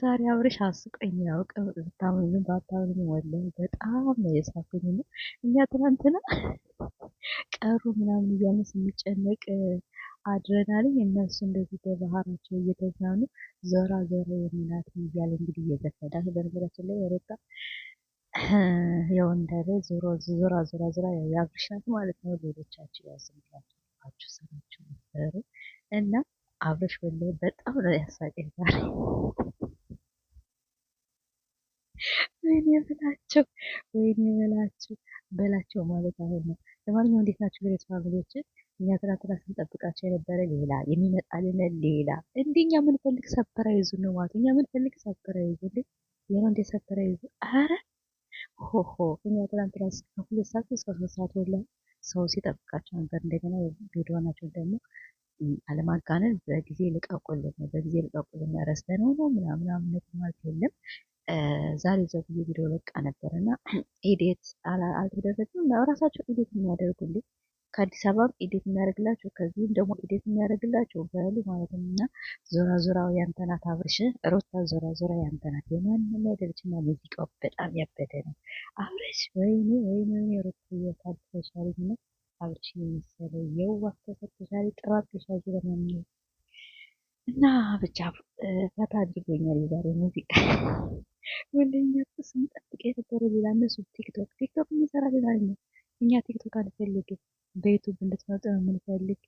ዛሬ አብርሽ አስቆኝ ያውቅም ብታምኑ ባታምኑም ወላሂ በጣም ነው የሳኩኝ። ነው እኛ ትናንትና ቀሩ ምናምን እያለ ስንጨነቅ አድረናልኝ። እነሱ እንደዚህ በባህራቸው እየተዝናኑ ዞራ ዞራ የሚላት እያለ እንግዲህ እየዘፈዳ በነገራችን ላይ የረጣ ያው እንዳለ ዞራ ዞራ ዞራ ዞራ ማለት ነው። ሌሎቻቸው ያስምላቸው ስራቸው ነበሩ እና አብረሽ ወለ በጣም ነው ያሳቀኝ ዛሬ። ወይኔ በላቸው ወይኔ በላቸው በላቸው ማለት አሁን ነው። ለማንኛውም እንዴት ናቸው ግሬት ፋሚሊዎችን? እኛ ትናንትና ስንጠብቃቸው የነበረ ሌላ የሚመጣልን ሌላ እንዲህ እኛ ምንፈልግ ሰፕራይዙ ነው ማለት እኛ ምንፈልግ ሰፕራይዙ እንዴ የሆነ እንዴ ሰፕራይዙ አረ ሆሆ እኛ ትናንትና ሁለት ሰዓት እስከ ሶስት ሰዓት ወላ ሰው ሲጠብቃቸው ነበር። እንደገና ቪዲዮ ናቸው ደግሞ አለማጋነን በጊዜ ልቀቁልን፣ በጊዜ ልቀቁልን ረስተ ነው ነው ምናምናምነት ማለት የለም ዛሬ ዘጉዬ ቪዲዮ ለቃ ነበር እና ኢዴት አልተደረገም። ራሳቸው ኢዴት የሚያደርጉልኝ ከአዲስ አበባም ኢዴት የሚያደርግላቸው ከዚህም ደግሞ ኢዴት የሚያደርግላቸው በሉ ማለት ነው። እና ዞራ ዞራው ያንተናት አብርሽ ሮታ ዞራ ዞራ ያንተናት የማንም አይደለች። እና ሙዚቃው በጣም ያበደ ነው። አብርሽ ወይኔ ወይኔ ወይኔ ሮታ እየታደሻሪ ነው አብርሽ የመሰለ የዋህ ተፈተሻሪ ጥራት ተሻጊ ለማንኛውም እና ብቻ ፈታ አድርጎኛል የዛሬ ሙዚቃ። ወንደኛ ጠብቀ የነበረ ሌላ እነሱ ቲክቶክ ቲክቶክ የሚሰራ ሌላ እኛ ቲክቶክ አንፈልግም፣ በዩቱብ እንድትመጡ ነው የምንፈልግ።